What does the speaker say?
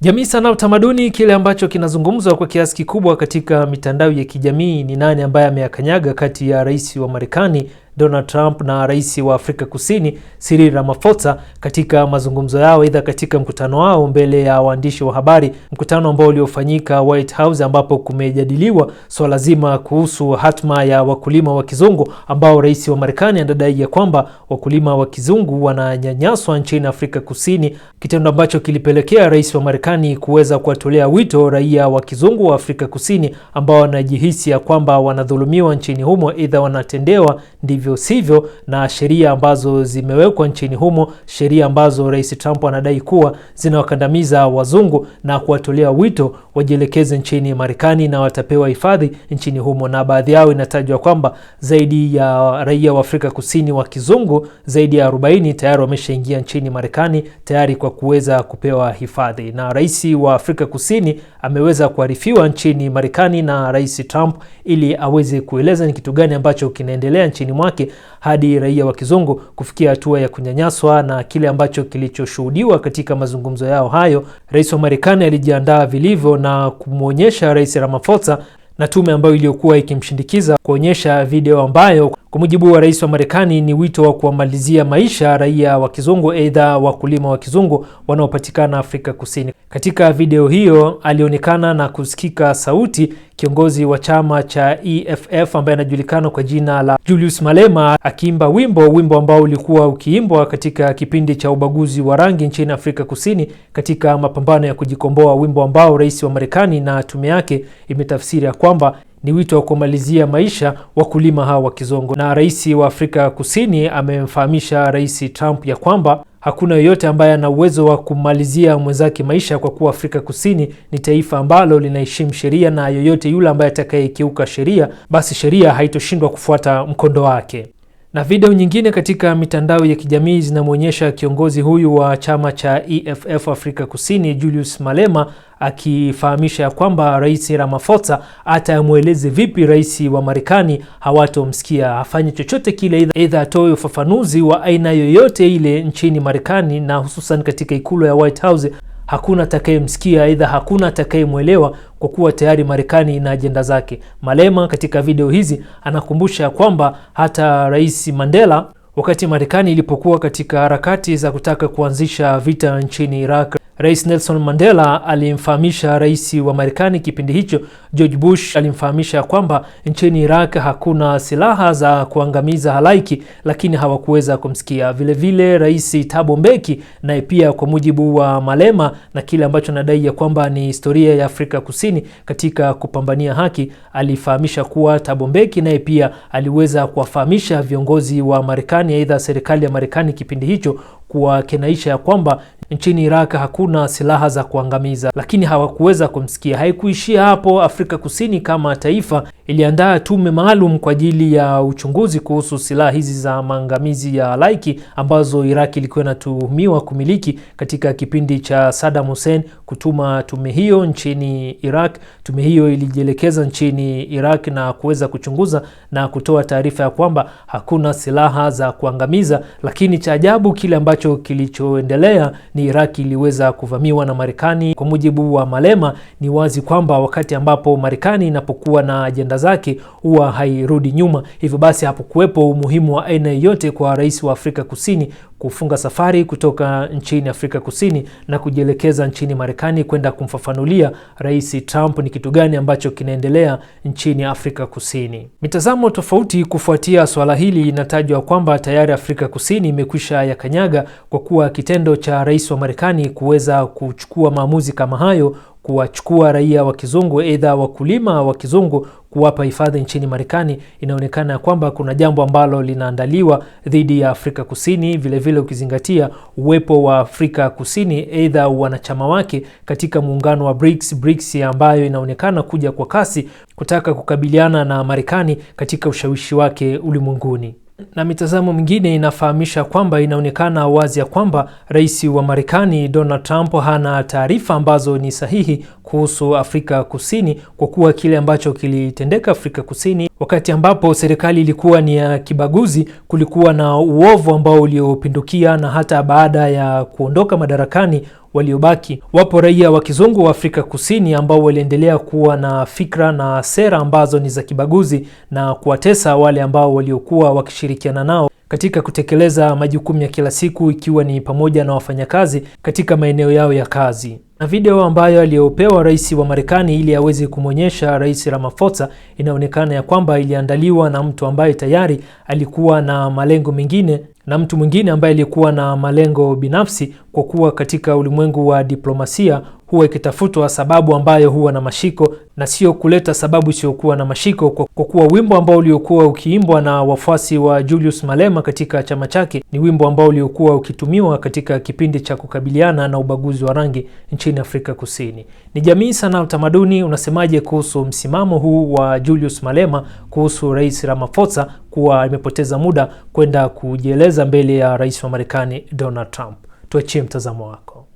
Jamii, sanaa, utamaduni, kile ambacho kinazungumzwa kwa kiasi kikubwa katika mitandao ya kijamii ni nani ambaye ameyakanyaga kati ya rais wa Marekani Donald Trump na rais wa Afrika Kusini Cyril Ramaphosa katika mazungumzo yao, aidha katika mkutano wao mbele ya waandishi wa habari, mkutano ambao uliofanyika White House, ambapo kumejadiliwa swala zima kuhusu hatma ya wakulima wa kizungu ambao rais wa Marekani anadai ya kwamba wakulima wa kizungu wananyanyaswa nchini Afrika Kusini, kitendo ambacho kilipelekea rais wa Marekani kuweza kuwatolea wito raia wa kizungu wa Afrika Kusini ambao wanajihisi ya kwamba wanadhulumiwa nchini humo, aidha wanatendewa ndivyo hivyo sivyo na sheria ambazo zimewekwa nchini humo, sheria ambazo Rais Trump anadai kuwa zinawakandamiza wazungu na kuwatolea wito wajielekeze nchini Marekani na watapewa hifadhi nchini humo, na baadhi yao inatajwa kwamba zaidi ya raia wa Afrika Kusini wa kizungu zaidi ya 40 tayari wameshaingia nchini Marekani tayari kwa kuweza kupewa hifadhi, na rais wa Afrika Kusini ameweza kuarifiwa nchini Marekani na Rais Trump ili aweze kueleza ni kitu gani ambacho kinaendelea nchini mwake wanawake hadi raia wa kizungu kufikia hatua ya kunyanyaswa, na kile ambacho kilichoshuhudiwa katika mazungumzo yao hayo, rais wa Marekani alijiandaa vilivyo na kumwonyesha Rais ramafosa na tume ambayo iliyokuwa ikimshindikiza kuonyesha video ambayo kwa mujibu wa rais wa Marekani, ni wito wa kuwamalizia maisha raia wa kizungu, aidha wakulima wa kizungu wanaopatikana Afrika Kusini. Katika video hiyo alionekana na kusikika sauti kiongozi wa chama cha EFF ambaye anajulikana kwa jina la Julius Malema akiimba wimbo wimbo ambao ulikuwa ukiimbwa katika kipindi cha ubaguzi wa rangi nchini Afrika Kusini katika mapambano ya kujikomboa, wimbo ambao rais wa Marekani na tume yake imetafsiri ya kwamba ni wito wa kumalizia maisha wakulima hawa wa kizongo. Na rais wa Afrika Kusini amemfahamisha Rais Trump ya kwamba hakuna yoyote ambaye ana uwezo wa kumalizia mwenzake maisha, kwa kuwa Afrika Kusini ni taifa ambalo linaheshimu sheria, na yoyote yule ambaye atakayekiuka sheria, basi sheria haitoshindwa kufuata mkondo wake. Na video nyingine katika mitandao ya kijamii zinamwonyesha kiongozi huyu wa chama cha EFF Afrika Kusini Julius Malema akifahamisha kwamba Rais Ramaphosa hata amweleze vipi rais wa Marekani hawatomsikia, afanye chochote kile, aidha atoe ufafanuzi wa aina yoyote ile nchini Marekani na hususan katika ikulu ya White House hakuna atakayemsikia aidha hakuna atakayemwelewa kwa kuwa tayari Marekani ina ajenda zake. Malema katika video hizi anakumbusha kwamba hata Rais Mandela wakati Marekani ilipokuwa katika harakati za kutaka kuanzisha vita nchini Iraq Rais Nelson Mandela alimfahamisha rais wa Marekani kipindi hicho George Bush alimfahamisha kwamba nchini Iraq hakuna silaha za kuangamiza halaiki, lakini hawakuweza kumsikia. Vilevile Rais tabo Mbeki naye pia, kwa mujibu wa Malema na kile ambacho anadai ya kwamba ni historia ya Afrika Kusini katika kupambania haki, alifahamisha kuwa tabo Mbeki naye pia aliweza kuwafahamisha viongozi wa Marekani, aidha serikali ya Marekani kipindi hicho kuwakenaisha ya kwamba nchini Iraq hakuna silaha za kuangamiza, lakini hawakuweza kumsikia. Haikuishia hapo. Afrika Kusini kama taifa iliandaa tume maalum kwa ajili ya uchunguzi kuhusu silaha hizi za maangamizi ya laiki ambazo Iraq ilikuwa inatuhumiwa kumiliki katika kipindi cha Saddam Hussein. Kutuma tume hiyo nchini Iraq, tume hiyo ilijielekeza nchini Iraq na kuweza kuchunguza na kutoa taarifa ya kwamba hakuna silaha za kuangamiza, lakini cha ajabu kile ambacho kilichoendelea ni Iraq iliweza kuvamiwa na Marekani. Kwa mujibu wa Malema, ni wazi kwamba wakati ambapo Marekani inapokuwa na ajenda jitihada zake huwa hairudi nyuma. Hivyo basi hapo kuwepo umuhimu wa aina yoyote kwa rais wa Afrika Kusini kufunga safari kutoka nchini Afrika Kusini na kujielekeza nchini Marekani kwenda kumfafanulia Rais Trump ni kitu gani ambacho kinaendelea nchini Afrika Kusini. Mitazamo tofauti kufuatia swala hili inatajwa kwamba tayari Afrika Kusini imekwisha yakanyaga, kwa kuwa kitendo cha rais wa Marekani kuweza kuchukua maamuzi kama hayo kuwachukua raia wa kizungu aidha wakulima wa kizungu kuwapa hifadhi nchini Marekani, inaonekana kwamba kuna jambo ambalo linaandaliwa dhidi ya Afrika Kusini vilevile vile vile ukizingatia uwepo wa Afrika Kusini, aidha wanachama wake katika muungano wa BRICS, BRICS ambayo inaonekana kuja kwa kasi kutaka kukabiliana na Marekani katika ushawishi wake ulimwenguni na mitazamo mingine inafahamisha kwamba inaonekana wazi ya kwamba rais wa Marekani Donald Trump hana taarifa ambazo ni sahihi kuhusu Afrika Kusini, kwa kuwa kile ambacho kilitendeka Afrika Kusini Wakati ambapo serikali ilikuwa ni ya kibaguzi, kulikuwa na uovu ambao uliopindukia, na hata baada ya kuondoka madarakani waliobaki wapo raia wa kizungu wa Afrika Kusini ambao waliendelea kuwa na fikra na sera ambazo ni za kibaguzi na kuwatesa wale ambao waliokuwa wakishirikiana nao katika kutekeleza majukumu ya kila siku, ikiwa ni pamoja na wafanyakazi katika maeneo yao ya kazi. Na video ambayo aliyopewa rais wa Marekani ili aweze kumwonyesha Rais Ramaphosa inaonekana ya kwamba iliandaliwa na mtu ambaye tayari alikuwa na malengo mengine na mtu mwingine ambaye alikuwa na malengo binafsi, kwa kuwa katika ulimwengu wa diplomasia huwa ikitafutwa sababu ambayo huwa na mashiko na sio kuleta sababu isiyokuwa na mashiko, kwa kuwa wimbo ambao uliokuwa ukiimbwa na wafuasi wa Julius Malema katika chama chake ni wimbo ambao uliokuwa ukitumiwa katika kipindi cha kukabiliana na ubaguzi wa rangi nchini Afrika Kusini. Ni jamii sana, utamaduni unasemaje kuhusu msimamo huu wa Julius Malema kuhusu Rais Ramaphosa kuwa imepoteza muda kwenda kujieleza mbele ya rais wa Marekani Donald Trump. Tuachie mtazamo wako.